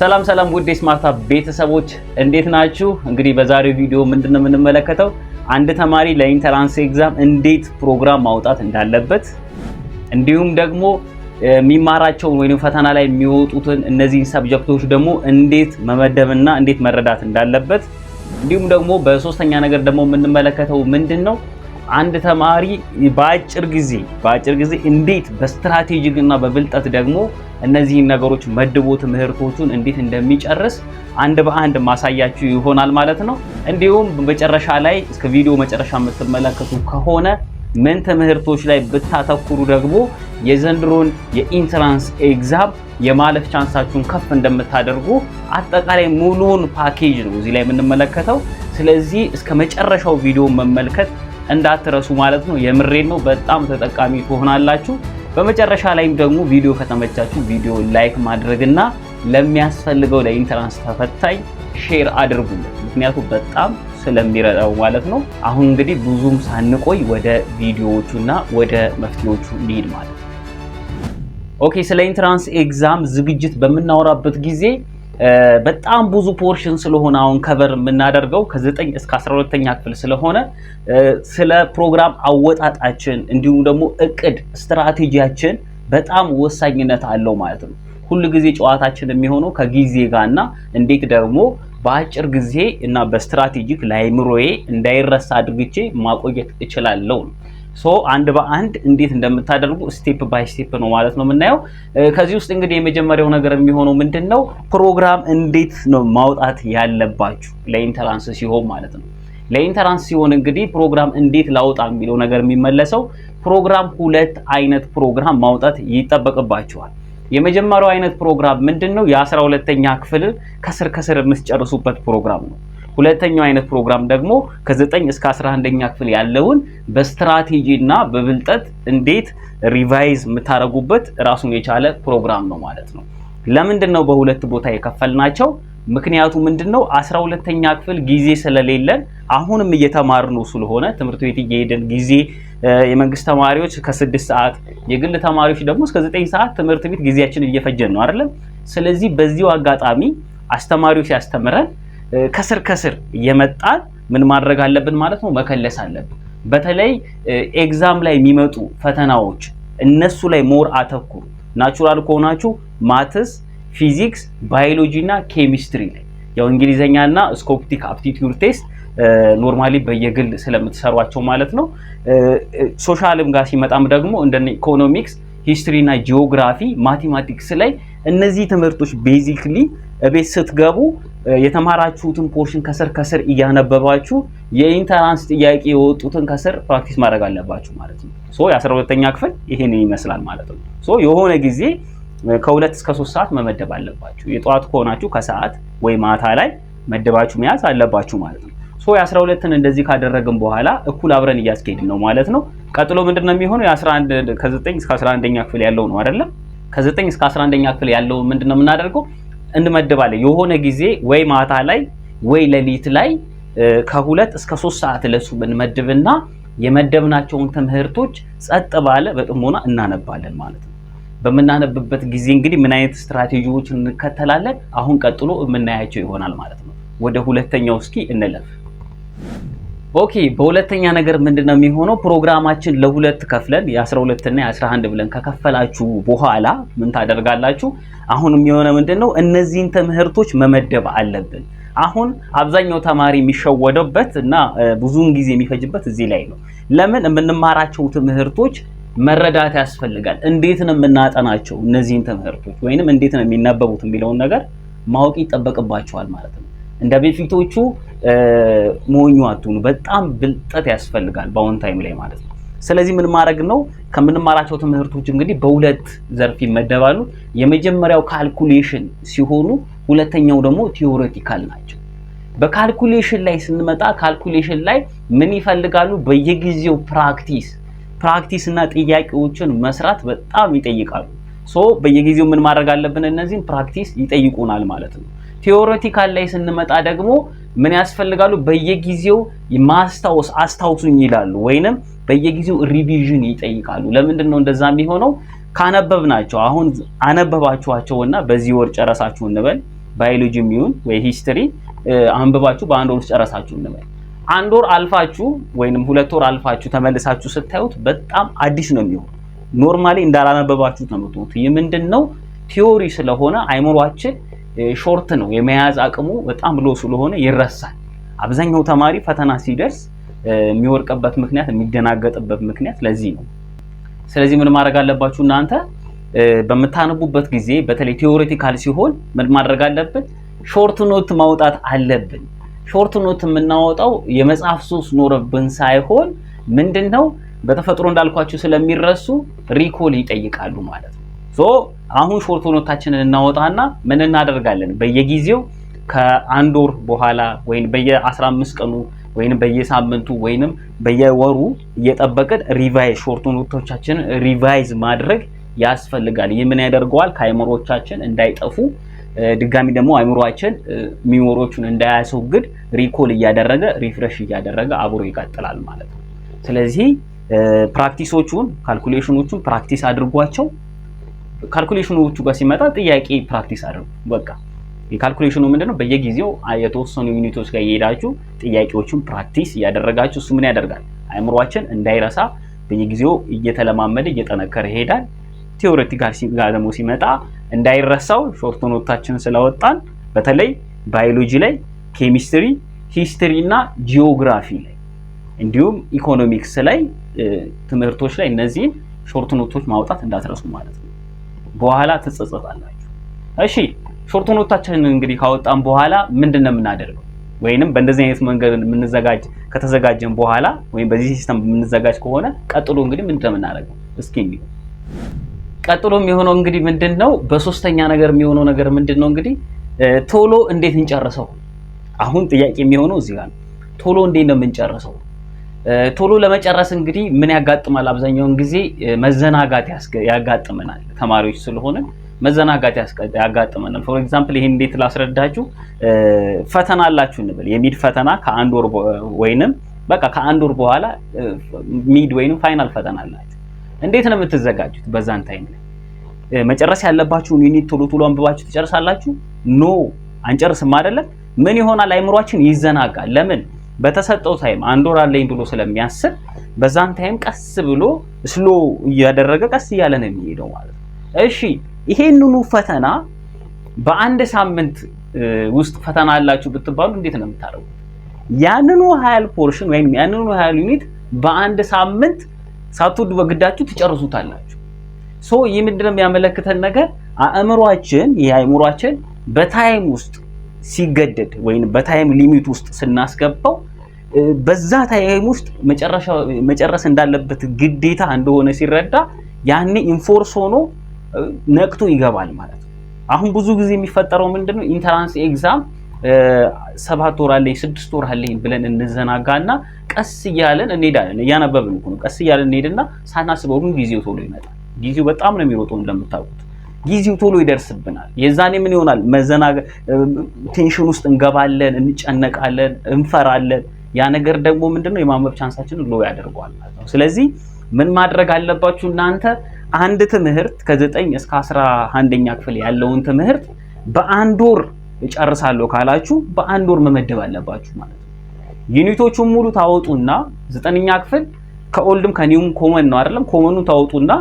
ሰላም ሰላም ውድ ስማርታ ቤተሰቦች እንዴት ናችሁ? እንግዲህ በዛሬው ቪዲዮ ምንድን ነው የምንመለከተው አንድ ተማሪ ለኢንተራንስ ኤግዛም እንዴት ፕሮግራም ማውጣት እንዳለበት እንዲሁም ደግሞ የሚማራቸውን ወይም ፈተና ላይ የሚወጡትን እነዚህን ሰብጀክቶች ደግሞ እንዴት መመደብና እንዴት መረዳት እንዳለበት እንዲሁም ደግሞ በሶስተኛ ነገር ደግሞ የምንመለከተው ምንድን ነው አንድ ተማሪ በአጭር ጊዜ በአጭር ጊዜ እንዴት በስትራቴጂክና በብልጠት ደግሞ እነዚህን ነገሮች መድቦ ትምህርቶቹን እንዴት እንደሚጨርስ አንድ በአንድ ማሳያችሁ ይሆናል ማለት ነው። እንዲሁም መጨረሻ ላይ እስከ ቪዲዮ መጨረሻ የምትመለከቱ ከሆነ ምን ትምህርቶች ላይ ብታተኩሩ ደግሞ የዘንድሮን የኢንትራንስ ኤግዛም የማለፍ ቻንሳችሁን ከፍ እንደምታደርጉ አጠቃላይ ሙሉውን ፓኬጅ ነው እዚህ ላይ የምንመለከተው። ስለዚህ እስከ መጨረሻው ቪዲዮ መመልከት እንዳትረሱ ማለት ነው። የምሬድ ነው። በጣም ተጠቃሚ ትሆናላችሁ። በመጨረሻ ላይም ደግሞ ቪዲዮ ከተመቻችሁ ቪዲዮ ላይክ ማድረግና ለሚያስፈልገው ለኢንትራንስ ተፈታኝ ሼር አድርጉለት፣ ምክንያቱም በጣም ስለሚረዳው ማለት ነው። አሁን እንግዲህ ብዙም ሳንቆይ ወደ ቪዲዮዎቹና ወደ መፍትሄዎቹ ሊሄድ ማለት ነው። ኦኬ ስለ ኢንትራንስ ኤግዛም ዝግጅት በምናወራበት ጊዜ በጣም ብዙ ፖርሽን ስለሆነ አሁን ከቨር የምናደርገው ከ9 እስከ 12 ኛ ክፍል ስለሆነ ስለ ፕሮግራም አወጣጣችን እንዲሁም ደግሞ እቅድ ስትራቴጂያችን በጣም ወሳኝነት አለው ማለት ነው። ሁል ጊዜ ጨዋታችን የሚሆነው ከጊዜ ጋር እና እንዴት ደግሞ በአጭር ጊዜ እና በስትራቴጂክ ለአይምሮዬ እንዳይረሳ አድርግቼ ማቆየት እችላለሁ ነው። ሶ አንድ በአንድ እንዴት እንደምታደርጉ ስቴፕ ባይ ስቴፕ ነው ማለት ነው የምናየው። ከዚህ ውስጥ እንግዲህ የመጀመሪያው ነገር የሚሆነው ምንድን ነው፣ ፕሮግራም እንዴት ነው ማውጣት ያለባችሁ ለኢንተራንስ ሲሆን ማለት ነው። ለኢንተራንስ ሲሆን እንግዲህ ፕሮግራም እንዴት ላውጣ የሚለው ነገር የሚመለሰው ፕሮግራም፣ ሁለት አይነት ፕሮግራም ማውጣት ይጠበቅባችኋል። የመጀመሪያው አይነት ፕሮግራም ምንድን ነው? የአስራ ሁለተኛ ክፍል ከስር ከስር የምትጨርሱበት ፕሮግራም ነው። ሁለተኛው አይነት ፕሮግራም ደግሞ ከ9 እስከ 11ኛ ክፍል ያለውን በስትራቴጂ እና በብልጠት እንዴት ሪቫይዝ የምታደርጉበት ራሱን የቻለ ፕሮግራም ነው ማለት ነው። ለምንድን ነው በሁለት ቦታ የከፈልናቸው? ምክንያቱ ምንድን ነው? አስራ ሁለተኛ ክፍል ጊዜ ስለሌለን አሁንም እየተማርነው ስለሆነ ትምህርት ቤት እየሄደን ጊዜ የመንግስት ተማሪዎች ከስድስት ሰዓት የግል ተማሪዎች ደግሞ እስከ ዘጠኝ ሰዓት ትምህርት ቤት ጊዜያችን እየፈጀን ነው አይደለም። ስለዚህ በዚሁ አጋጣሚ አስተማሪው ሲያስተምረን ከስር ከስር እየመጣን ምን ማድረግ አለብን ማለት ነው መከለስ አለብን። በተለይ ኤግዛም ላይ የሚመጡ ፈተናዎች እነሱ ላይ ሞር አተኩሩ። ናቹራል ከሆናችሁ ማትስ፣ ፊዚክስ፣ ባዮሎጂ እና ኬሚስትሪ ላይ ያው እንግሊዘኛ እና ስኮፕቲክ አፕቲቲዩድ ቴስት ኖርማሊ በየግል ስለምትሰሯቸው ማለት ነው። ሶሻልም ጋር ሲመጣም ደግሞ እንደ ኢኮኖሚክስ፣ ሂስትሪ እና ጂኦግራፊ፣ ማቴማቲክስ ላይ እነዚህ ትምህርቶች ቤዚክሊ ቤት ስትገቡ የተማራችሁትን ፖርሽን ከስር ከስር እያነበባችሁ የኢንተራንስ ጥያቄ የወጡትን ከስር ፕራክቲስ ማድረግ አለባችሁ ማለት ነው። ሶ ክፍል ይሄን ይመስላል ማለት ነው። የሆነ ጊዜ ከሁለት እስከ ሶስት ሰዓት መመደብ አለባችሁ። የጠዋት ከሆናችሁ ከሰዓት ወይ ማታ ላይ መደባችሁ መያዝ አለባችሁ ማለት ነው። ሶ የ እንደዚህ ካደረግን በኋላ እኩል አብረን እያስኬድን ነው ማለት ነው። ቀጥሎ ምንድን ነው የሚሆነው? ከዘጠኝ እስከ 11ኛ ክፍል ያለው ነው አይደለም? ከዘጠኝ 9 እስከ 11ኛ ክፍል ያለው ምንድን ነው የምናደርገው? እንመድባለን። የሆነ ጊዜ ወይ ማታ ላይ ወይ ሌሊት ላይ ከሁለት እስከ ሶስት ሰዓት ለሱ ብንመድብና የመደብናቸውን ትምህርቶች ጸጥ ባለ በጥሞና እናነባለን ማለት ነው። በምናነብበት ጊዜ እንግዲህ ምን አይነት ስትራቴጂዎችን እንከተላለን አሁን ቀጥሎ የምናያቸው ይሆናል ማለት ነው። ወደ ሁለተኛው እስኪ እንለፍ። ኦኬ በሁለተኛ ነገር ምንድነው የሚሆነው? ፕሮግራማችን ለሁለት ከፍለን የ12 እና የ11 ብለን ከከፈላችሁ በኋላ ምን ታደርጋላችሁ? አሁን የሚሆነ ምንድነው እነዚህን ትምህርቶች መመደብ አለብን። አሁን አብዛኛው ተማሪ የሚሸወደበት እና ብዙውን ጊዜ የሚፈጅበት እዚህ ላይ ነው። ለምን የምንማራቸው ትምህርቶች መረዳት ያስፈልጋል። እንዴት ነው የምናጠናቸው እነዚህን ትምህርቶች ወይንም እንዴት ነው የሚነበቡት የሚለውን ነገር ማወቅ ይጠበቅባቸዋል ማለት ነው እንደ በፊቶቹ ሞኙ አትሁኑ። በጣም ብልጠት ያስፈልጋል በአሁን ታይም ላይ ማለት ነው። ስለዚህ ምን ማድረግ ነው? ከምንማራቸው ትምህርቶች እንግዲህ በሁለት ዘርፍ ይመደባሉ። የመጀመሪያው ካልኩሌሽን ሲሆኑ፣ ሁለተኛው ደግሞ ቲዮሬቲካል ናቸው። በካልኩሌሽን ላይ ስንመጣ ካልኩሌሽን ላይ ምን ይፈልጋሉ? በየጊዜው ፕራክቲስ ፕራክቲስ እና ጥያቄዎችን መስራት በጣም ይጠይቃሉ። ሶ በየጊዜው ምን ማድረግ አለብን? እነዚህም ፕራክቲስ ይጠይቁናል ማለት ነው። ቲዮሬቲካል ላይ ስንመጣ ደግሞ ምን ያስፈልጋሉ? በየጊዜው ማስታወስ አስታውሱኝ ይላሉ፣ ወይንም በየጊዜው ሪቪዥን ይጠይቃሉ። ለምንድን ነው እንደዛ የሚሆነው? ካነበብናቸው አሁን አነበባችኋቸውና በዚህ ወር ጨረሳችሁ እንበል፣ ባዮሎጂ የሚሆን ወይ ሂስትሪ አንብባችሁ በአንድ ወር ጨረሳችሁ እንበል። አንድ ወር አልፋችሁ ወይንም ሁለት ወር አልፋችሁ ተመልሳችሁ ስታዩት በጣም አዲስ ነው የሚሆን። ኖርማሊ እንዳላነበባችሁ ነው የምትሆኑት። ይህ ምንድን ነው ቲዮሪ ስለሆነ አይምሯችን ሾርት ነው፣ የመያዝ አቅሙ በጣም ሎ ስለሆነ ይረሳል። አብዛኛው ተማሪ ፈተና ሲደርስ የሚወርቅበት ምክንያት የሚደናገጥበት ምክንያት ለዚህ ነው። ስለዚህ ምን ማድረግ አለባችሁ እናንተ በምታነቡበት ጊዜ በተለይ ቴዎሬቲካል ሲሆን ምን ማድረግ አለብን? ሾርት ኖት ማውጣት አለብን። ሾርት ኖት የምናወጣው የመጽሐፍ ሱስ ኖረብን ሳይሆን ምንድን ነው በተፈጥሮ እንዳልኳችሁ ስለሚረሱ ሪኮል ይጠይቃሉ ማለት ነው። ሶ አሁን ሾርት ኖታችንን እናወጣና ምን እናደርጋለን? በየጊዜው ከአንድ ወር በኋላ ወይም በየ15 ቀኑ ወይም በየሳምንቱ ወይም በየወሩ እየጠበቅን ሪቫይዝ ሾርት ኖቶቻችንን ሪቫይዝ ማድረግ ያስፈልጋል። ይህ ምን ያደርገዋል? ከአይምሮቻችን እንዳይጠፉ ድጋሚ ደግሞ አይምሮአችን ሚሞሪዎቹን እንዳያስወግድ ሪኮል እያደረገ ሪፍሬሽ እያደረገ አብሮ ይቀጥላል ማለት ነው። ስለዚህ ፕራክቲሶቹን ካልኩሌሽኖቹን ፕራክቲስ አድርጓቸው። ካልኩሌሽኖቹ ጋር ሲመጣ ጥያቄ ፕራክቲስ አድርጉ። በቃ የካልኩሌሽኑ ምንድነው? በየጊዜው የተወሰኑ ዩኒቶች ጋር እየሄዳችሁ ጥያቄዎቹን ፕራክቲስ እያደረጋችሁ እሱ ምን ያደርጋል? አእምሯችን እንዳይረሳ በየጊዜው እየተለማመደ እየጠነከረ ይሄዳል። ቴዎሬቲ ጋር ደግሞ ሲመጣ እንዳይረሳው ሾርት ኖታችን ስለወጣን በተለይ ባዮሎጂ ላይ፣ ኬሚስትሪ፣ ሂስትሪ እና ጂኦግራፊ ላይ እንዲሁም ኢኮኖሚክስ ላይ ትምህርቶች ላይ እነዚህን ሾርት ኖቶች ማውጣት እንዳትረሱ ማለት ነው። በኋላ ትጸጸታላችሁ። እሺ ሾርት ኖታችንን እንግዲህ ካወጣን በኋላ ምንድን ነው የምናደርገው? ወይንም በእንደዚህ አይነት መንገድ የምንዘጋጅ ከተዘጋጀን በኋላ ወይም በዚህ ሲስተም የምንዘጋጅ ከሆነ ቀጥሎ እንግዲህ ምንድን ነው የምናደርገው? እስኪ እንግዲህ ቀጥሎ የሚሆነው እንግዲህ ምንድን ነው? በሶስተኛ ነገር የሚሆነው ነገር ምንድን ነው? እንግዲህ ቶሎ እንዴት እንጨርሰው? አሁን ጥያቄ የሚሆነው እዚህ ጋር ነው። ቶሎ እንዴት ነው የምንጨርሰው? ቶሎ ለመጨረስ እንግዲህ ምን ያጋጥማል? አብዛኛውን ጊዜ መዘናጋት ያጋጥመናል። ተማሪዎች ስለሆነ መዘናጋት ያጋጥመናል። ፎር ኤግዛምፕል ይህን እንዴት ላስረዳችሁ፣ ፈተና አላችሁ እንበል። የሚድ ፈተና ከአንድ ወር ወይንም በቃ ከአንድ ወር በኋላ ሚድ ወይንም ፋይናል ፈተና አላችሁ። እንዴት ነው የምትዘጋጁት? በዛን ታይም ላይ መጨረስ ያለባችሁን ዩኒት ቶሎ ቶሎ አንብባችሁ ትጨርሳላችሁ? ኖ አንጨርስም አይደለም። ምን ይሆናል? አይምሯችን ይዘናጋል። ለምን በተሰጠው ታይም አንድ ወር አለኝ ብሎ ስለሚያስብ በዛን ታይም ቀስ ብሎ ስሎ እያደረገ ቀስ እያለ ነው የሚሄደው ማለት ነው። እሺ ይሄንኑ ፈተና በአንድ ሳምንት ውስጥ ፈተና አላችሁ ብትባሉ እንዴት ነው የምታደርጉት? ያንኑ ሀያል ፖርሽን ወይም ያንኑ ሀያል ዩኒት በአንድ ሳምንት ሳትወዱ በግዳችሁ ትጨርሱታላችሁ። ሶ ይህ ምንድን ነው የሚያመለክተን ነገር አእምሯችን ይህ አእምሯችን በታይም ውስጥ ሲገደድ ወይም በታይም ሊሚት ውስጥ ስናስገባው በዛ ታይም ውስጥ መጨረስ እንዳለበት ግዴታ እንደሆነ ሲረዳ ያኔ ኢንፎርስ ሆኖ ነቅቶ ይገባል ማለት ነው። አሁን ብዙ ጊዜ የሚፈጠረው ምንድነው? ኢንተራንስ ኤግዛም ሰባት ወር አለኝ ስድስት ወር አለኝ ብለን እንዘናጋና ቀስ እያለን እንሄዳለን። እያነበብን እኮ ነው። ቀስ እያለን እንሄድና ሳናስበው ግን ጊዜው ቶሎ ይመጣል። ጊዜው በጣም ነው የሚሮጠው እንደምታውቁት፣ ጊዜው ቶሎ ይደርስብናል። የዛኔ ምን ይሆናል? መዘናገ ቴንሽን ውስጥ እንገባለን፣ እንጨነቃለን፣ እንፈራለን። ያ ነገር ደግሞ ምንድነው የማንበብ ቻንሳችንን ሎ ያደርገዋል ማለት ነው። ስለዚህ ምን ማድረግ አለባችሁ እናንተ አንድ ትምህርት ከዘጠኝ እስከ አስራ አንደኛ ክፍል ያለውን ትምህርት በአንድ ወር እጨርሳለሁ ካላችሁ በአንድ ወር መመደብ አለባችሁ ማለት ነው። ዩኒቶቹን ሙሉ ታወጡና ዘጠነኛ ክፍል ከኦልድም ከኒውም ኮመን ነው አይደለም። ኮመኑ ታወጡና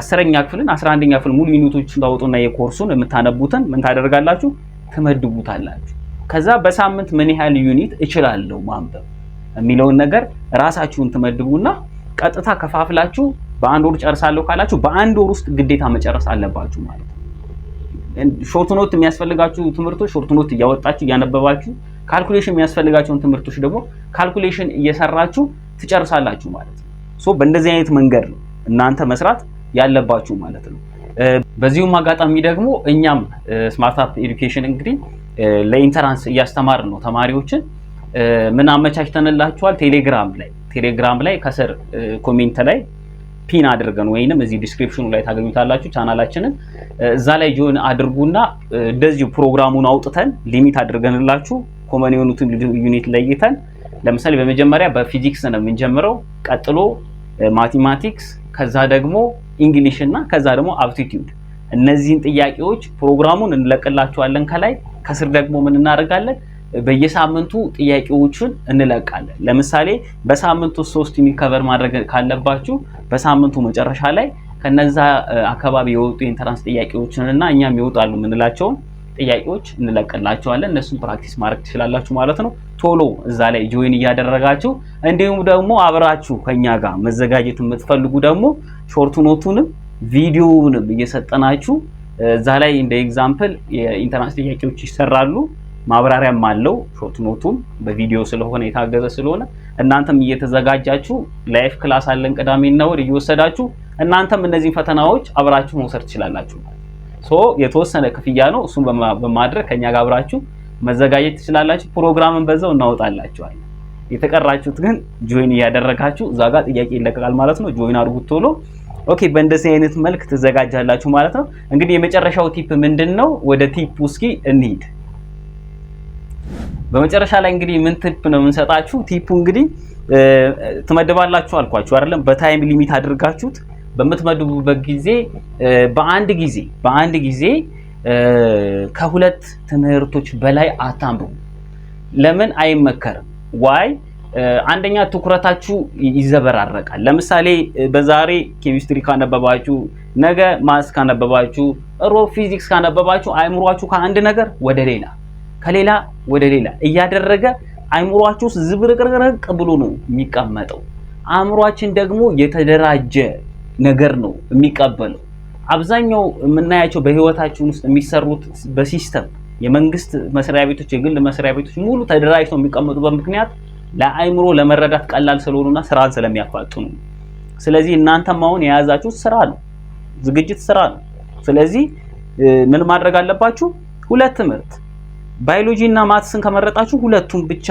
አስረኛ ክፍልን አስራ አንደኛ ክፍል ሙሉ ዩኒቶቹን ታወጡና የኮርሱን የምታነቡትን ምን ታደርጋላችሁ? ትመድቡታላችሁ። ከዛ በሳምንት ምን ያህል ዩኒት እችላለሁ ማንበብ የሚለውን ነገር ራሳችሁን ትመድቡና ቀጥታ ከፋፍላችሁ በአንድ ወር ጨርሳለሁ ካላችሁ በአንድ ወር ውስጥ ግዴታ መጨረስ አለባችሁ ማለት ነው። ሾርት ኖት የሚያስፈልጋችሁ ትምህርቶች ሾርት ኖት እያወጣችሁ እያነበባችሁ፣ ካልኩሌሽን የሚያስፈልጋቸውን ትምህርቶች ደግሞ ካልኩሌሽን እየሰራችሁ ትጨርሳላችሁ ማለት ነው። ሶ በእንደዚህ አይነት መንገድ ነው እናንተ መስራት ያለባችሁ ማለት ነው። uh, በዚሁም አጋጣሚ ደግሞ እኛም ስማርት አፕ ኤዱኬሽን እንግዲህ ለኢንተራንስ እያስተማር ነው ተማሪዎችን። ምን አመቻችተንላችኋል? ቴሌግራም ላይ ቴሌግራም ላይ ከስር ኮሜንት ላይ ፒን አድርገን ወይንም እዚህ ዲስክሪፕሽኑ ላይ ታገኙታላችሁ ቻናላችንን። እዛ ላይ ጆን አድርጉና እንደዚሁ ፕሮግራሙን አውጥተን ሊሚት አድርገንላችሁ ኮመን የሆኑትን ዩኒት ለይተን ለምሳሌ በመጀመሪያ በፊዚክስ ነው የምንጀምረው፣ ቀጥሎ ማቴማቲክስ፣ ከዛ ደግሞ ኢንግሊሽ እና ከዛ ደግሞ አፕቲቲዩድ። እነዚህን ጥያቄዎች ፕሮግራሙን እንለቅላችኋለን ከላይ ከስር ደግሞ ምን እናደርጋለን? በየሳምንቱ ጥያቄዎችን እንለቃለን። ለምሳሌ በሳምንቱ ሶስት የሚከበር ማድረግ ካለባችሁ በሳምንቱ መጨረሻ ላይ ከነዛ አካባቢ የወጡ የኢንተራንስ ጥያቄዎችን እና እኛም ይወጣሉ የምንላቸውን ጥያቄዎች እንለቅላቸዋለን። እነሱን ፕራክቲስ ማድረግ ትችላላችሁ ማለት ነው። ቶሎ እዛ ላይ ጆይን እያደረጋችሁ እንዲሁም ደግሞ አብራችሁ ከኛ ጋር መዘጋጀት የምትፈልጉ ደግሞ ሾርት ኖቱንም ቪዲዮውንም እየሰጠናችሁ እዛ ላይ እንደ ኤግዛምፕል የኢንተራንስ ጥያቄዎች ይሰራሉ። ማብራሪያም አለው ሾርት ኖቱም በቪዲዮ ስለሆነ የታገዘ ስለሆነ እናንተም እየተዘጋጃችሁ ላይፍ ክላስ አለን ቅዳሜና እሑድ እየወሰዳችሁ እናንተም እነዚህን ፈተናዎች አብራችሁ መውሰድ ትችላላችሁ። ሶ የተወሰነ ክፍያ ነው። እሱን በማድረግ ከኛ ጋር አብራችሁ መዘጋጀት ትችላላችሁ። ፕሮግራምን በዛው እናወጣላችኋል። የተቀራችሁት ግን ጆይን እያደረጋችሁ እዛ ጋር ጥያቄ ይለቀቃል ማለት ነው። ጆይን አድርጉት ቶሎ ኦኬ በእንደዚህ አይነት መልክ ትዘጋጃላችሁ ማለት ነው። እንግዲህ የመጨረሻው ቲፕ ምንድን ነው? ወደ ቲፕ እስኪ እንሂድ። በመጨረሻ ላይ እንግዲህ ምን ቲፕ ነው የምንሰጣችሁ? ቲፑ እንግዲህ ትመድባላችሁ አልኳችሁ አይደለም? በታይም ሊሚት አድርጋችሁት በምትመድቡበት ጊዜ በአንድ ጊዜ በአንድ ጊዜ ከሁለት ትምህርቶች በላይ አታንብቡ። ለምን አይመከርም? ዋይ አንደኛ ትኩረታችሁ ይዘበራረቃል። ለምሳሌ በዛሬ ኬሚስትሪ ካነበባችሁ፣ ነገ ማስ ካነበባችሁ፣ ሮብ ፊዚክስ ካነበባችሁ አይምሯችሁ ከአንድ ነገር ወደ ሌላ ከሌላ ወደ ሌላ እያደረገ አይምሯችሁ ውስጥ ዝብርቅርቅርቅ ብሎ ነው የሚቀመጠው። አእምሯችን ደግሞ የተደራጀ ነገር ነው የሚቀበለው። አብዛኛው የምናያቸው በህይወታችን ውስጥ የሚሰሩት በሲስተም የመንግስት መስሪያ ቤቶች፣ የግል መስሪያ ቤቶች ሙሉ ተደራጅተው የሚቀመጡበት ምክንያት ለአይምሮ ለመረዳት ቀላል ስለሆኑና ስራን ስለሚያፋጥኑ። ስለዚህ እናንተም አሁን የያዛችሁት ስራ ነው፣ ዝግጅት ስራ ነው። ስለዚህ ምን ማድረግ አለባችሁ? ሁለት ትምህርት ባዮሎጂ እና ማትስን ከመረጣችሁ ሁለቱም ብቻ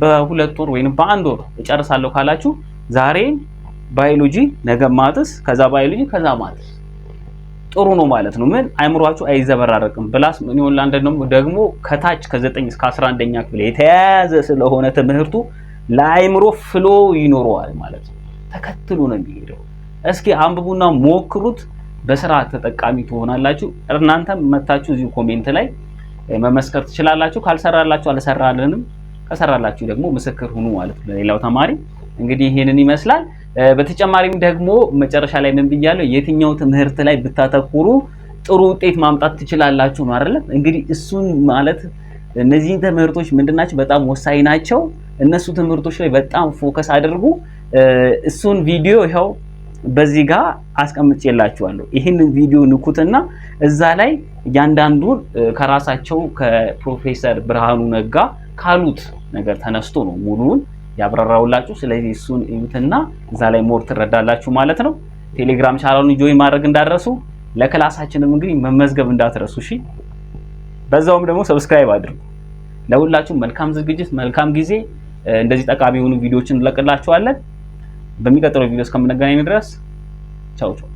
በሁለት ወር ወይም በአንድ ወር እጨርሳለሁ ካላችሁ ዛሬ ባዮሎጂ፣ ነገ ማትስ፣ ከዛ ባዮሎጂ፣ ከዛ ማትስ ጥሩ ነው ማለት ነው። ምን አይምሯችሁ አይዘበራረቅም። ፕላስ ደግሞ ከታች ከ9 እስከ 11ኛ ክፍል የተያያዘ ስለሆነ ትምህርቱ ለአይምሮ ፍሎ ይኖረዋል ማለት ነው። ተከትሎ ነው የሚሄደው። እስኪ አንብቡና ሞክሩት። በስራ ተጠቃሚ ትሆናላችሁ። እናንተም መታችሁ እዚሁ ኮሜንት ላይ መመስከር ትችላላችሁ። ካልሰራላችሁ አልሰራልንም፣ ከሰራላችሁ ደግሞ ምስክር ሁኑ ማለት ነው። ሌላው ተማሪ እንግዲህ ይሄንን ይመስላል። በተጨማሪም ደግሞ መጨረሻ ላይ ምን ብያለሁ? የትኛው ትምህርት ላይ ብታተኩሩ ጥሩ ውጤት ማምጣት ትችላላችሁ ነው አይደለም? እንግዲህ እሱን ማለት እነዚህን ትምህርቶች ምንድናቸው? በጣም ወሳኝ ናቸው። እነሱ ትምህርቶች ላይ በጣም ፎከስ አድርጉ። እሱን ቪዲዮ ይኸው በዚህ ጋር አስቀምጬላችኋለሁ። ይህንን ቪዲዮ ንኩትና እዛ ላይ እያንዳንዱን ከራሳቸው ከፕሮፌሰር ብርሃኑ ነጋ ካሉት ነገር ተነስቶ ነው ሙሉውን ያብራራውላችሁ። ስለዚህ እሱን እዩትና እዛ ላይ ሞር ትረዳላችሁ ማለት ነው። ቴሌግራም ቻናሉን ጆይን ማድረግ እንዳትረሱ። ለክላሳችንም እንግዲህ መመዝገብ እንዳትረሱ እሺ። በዛውም ደግሞ ሰብስክራይብ አድርጉ። ለሁላችሁም መልካም ዝግጅት፣ መልካም ጊዜ። እንደዚህ ጠቃሚ የሆኑ ቪዲዮዎችን እንለቅላችኋለን። በሚቀጥለው ቪዲዮ እስከምንገናኝ ድረስ ቻው ቻው።